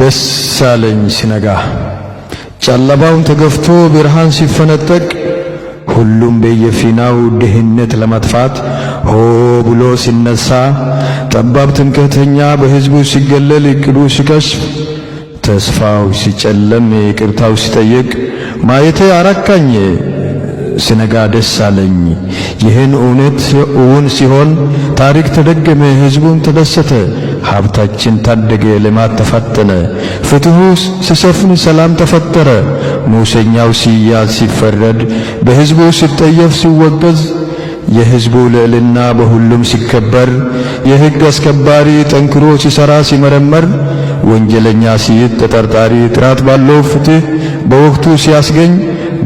ደስ አለኝ ሲነጋ ጨለማውን ተገፍቶ ብርሃን ሲፈነጠቅ ሁሉም በየፊናው ድህነት ለመጥፋት ሆ ብሎ ሲነሳ ጠባብ ትምክህተኛ በሕዝቡ ሲገለል እቅዱ ሲከሽፍ ተስፋው ሲጨለም ይቅርታው ሲጠይቅ ማየቴ አራካኝ ሲነጋ ደስ አለኝ። ይህን እውነት እውን ሲሆን ታሪክ ተደገመ፣ ሕዝቡም ተደሰተ። ሀብታችን ታደገ፣ ልማት ተፋጠነ። ፍትሑ ሲሰፍን ሰላም ተፈጠረ። ሙሰኛው ሲያዝ ሲፈረድ፣ በሕዝቡ ሲጠየፍ ሲወገዝ፣ የሕዝቡ ልዕልና በሁሉም ሲከበር፣ የሕግ አስከባሪ ጠንክሮ ሲሠራ ሲመረመር፣ ወንጀለኛ ሲይዝ ተጠርጣሪ ጥራት ባለው ፍትሕ በወቅቱ ሲያስገኝ፣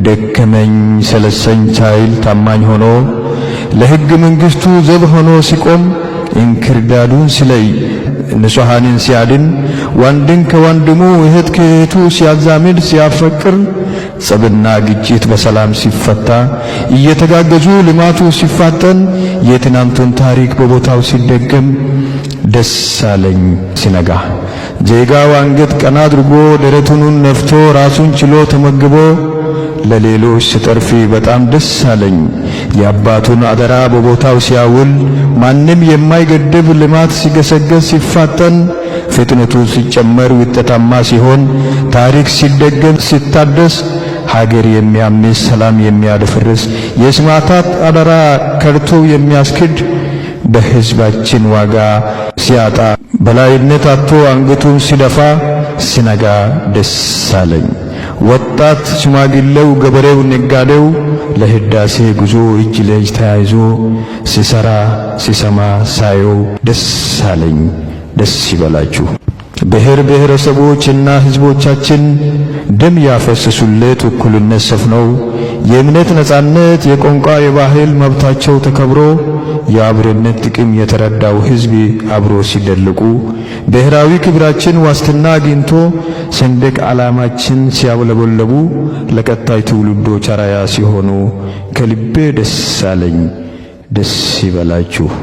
ደከመኝ ሰለሰኝ ሳይል ታማኝ ሆኖ ለሕግ መንግሥቱ ዘብ ሆኖ ሲቆም እንክርዳዱን ሲለይ ንጹሐንን ሲያድን ወንድን ከወንድሙ እህት ከእህቱ ሲያዛምድ ሲያፈቅር ጸብና ግጭት በሰላም ሲፈታ እየተጋገዙ ልማቱ ሲፋጠን የትናንቱን ታሪክ በቦታው ሲደገም ደስ አለኝ ሲነጋ ዜጋው አንገት ቀና አድርጎ ደረቱኑን ነፍቶ ራሱን ችሎ ተመግቦ ለሌሎች ስጠርፊ በጣም ደስ አለኝ የአባቱን አደራ በቦታው ሲያውል ማንም የማይገድብ ልማት ሲገሰገስ ሲፋጠን ፍጥነቱ ሲጨመር ውጤታማ ሲሆን ታሪክ ሲደገም ሲታደስ ሀገር የሚያምስ ሰላም የሚያደፍርስ የስማታት አደራ ከርቶ የሚያስክድ በሕዝባችን ዋጋ ሲያጣ በላይነት አቶ አንገቱን ሲደፋ ሲነጋ ደስ አለኝ። ወጣት ሽማግሌው፣ ገበሬው፣ ነጋዴው ለህዳሴ ጉዞ እጅ ለእጅ ተያይዞ ሲሰራ ሲሰማ ሳየው ደስ አለኝ። ደስ ይበላችሁ። ብሔር እና ህዝቦቻችን ደም ያፈሰሱለት እኩልነት ሰፍነው የእምነት ነጻነት፣ የቋንቋ የባህል መብታቸው ተከብሮ የአብሮነት ጥቅም የተረዳው ሕዝብ አብሮ ሲደልቁ ብሔራዊ ክብራችን ዋስትና አግኝቶ ሰንደቅ ዓላማችን ሲያውለበለቡ ለቀጣይ ትውልዶች አርአያ ሲሆኑ ከልቤ ደስ አለኝ። ደስ ይበላችሁ።